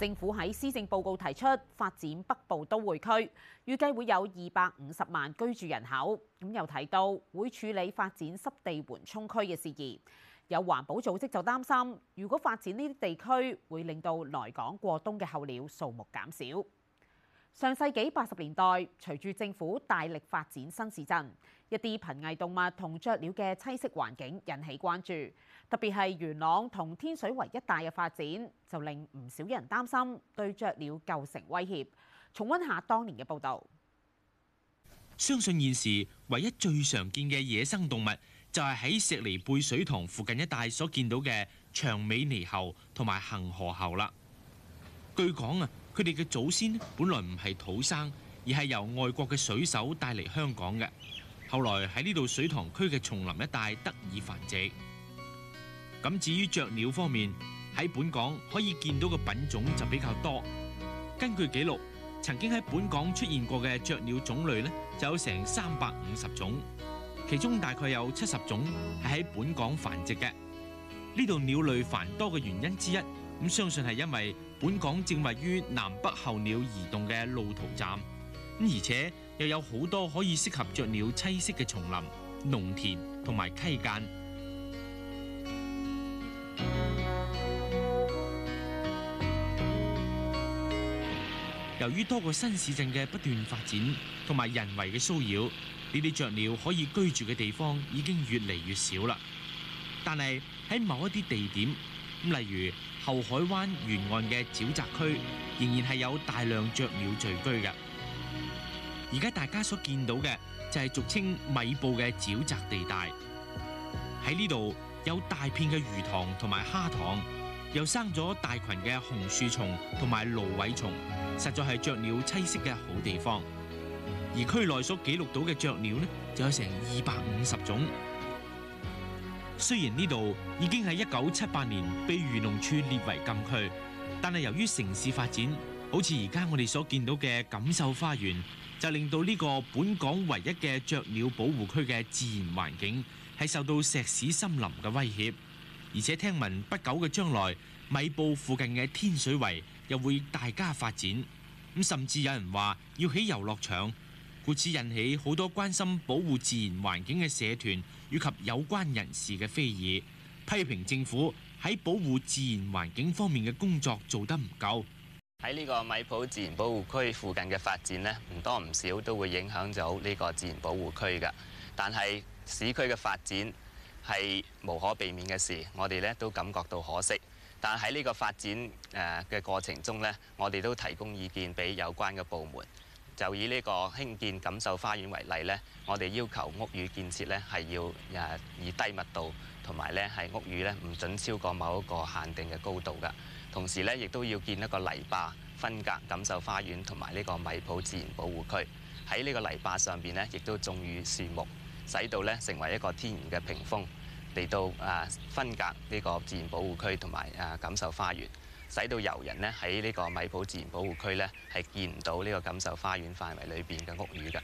政府喺施政報告提出發展北部都會區，預計會有二百五十萬居住人口。咁又提到會處理發展濕地緩衝區嘅事宜。有環保組織就擔心，如果發展呢啲地區，會令到來港過冬嘅候鳥數目減少。上世紀八十年代，隨住政府大力發展新市鎮，一啲瀕危動物同雀鳥嘅棲息環境引起關注。特別係元朗同天水圍一帶嘅發展，就令唔少人擔心對雀鳥構成威脅。重溫下當年嘅報導。相信現時唯一最常見嘅野生動物，就係喺石梨貝水塘附近一帶所見到嘅長尾獼猴同埋恒河猴啦。據講啊，佢哋嘅祖先本來唔係土生，而係由外國嘅水手帶嚟香港嘅。後來喺呢度水塘區嘅叢林一帶得以繁殖。咁至於雀鳥方面，喺本港可以見到嘅品種就比較多。根據記錄，曾經喺本港出現過嘅雀鳥種類呢，就有成三百五十種，其中大概有七十種係喺本港繁殖嘅。呢度鳥類繁多嘅原因之一，咁相信係因為。本港正位於南北候鳥移動嘅路途站，而且又有好多可以適合雀鳥棲息嘅叢林、農田同埋溪澗。 由於多個新市鎮嘅不斷發展同埋人為嘅騷擾，呢啲雀鳥可以居住嘅地方已經越嚟越少啦。但係喺某一啲地點。例如后海灣沿岸嘅沼澤區仍然係有大量雀鳥聚居嘅。而家大家所見到嘅就係俗稱米埔嘅沼澤地帶，喺呢度有大片嘅魚塘同埋蝦塘，又生咗大群嘅紅樹叢同埋蘆葦叢，實在係雀鳥棲息嘅好地方。而區內所記錄到嘅雀鳥呢，就有成二百五十種。雖然呢度已經喺一九七八年被漁農處列為禁區，但係由於城市發展，好似而家我哋所見到嘅錦繡花園，就令到呢個本港唯一嘅雀鳥保護區嘅自然環境係受到石屎森林嘅威脅，而且聽聞不久嘅將來，米埔附近嘅天水圍又會大加發展，咁甚至有人話要起遊樂場。故此引起好多關心保護自然環境嘅社團以及有關人士嘅非議，批評政府喺保護自然環境方面嘅工作做得唔夠。喺呢個米埔自然保護區附近嘅發展呢，唔多唔少都會影響咗呢個自然保護區噶。但係市區嘅發展係無可避免嘅事，我哋咧都感覺到可惜。但喺呢個發展誒嘅過程中呢，我哋都提供意見俾有關嘅部門。就以呢個興建錦繡花園為例呢，我哋要求屋宇建設呢係要誒以低密度。同埋呢係屋宇呢唔准超過某一個限定嘅高度㗎。同時呢，亦都要建一個泥壩分隔錦繡花園同埋呢個米埔自然保護區。喺呢個泥壩上邊呢，亦都種於樹木，使到呢成為一個天然嘅屏風，嚟到誒分隔呢個自然保護區同埋誒錦繡花園，使到遊人咧喺呢個米埔自然保護區咧，係見唔到呢個錦繡花園範圍裏邊嘅屋宇㗎。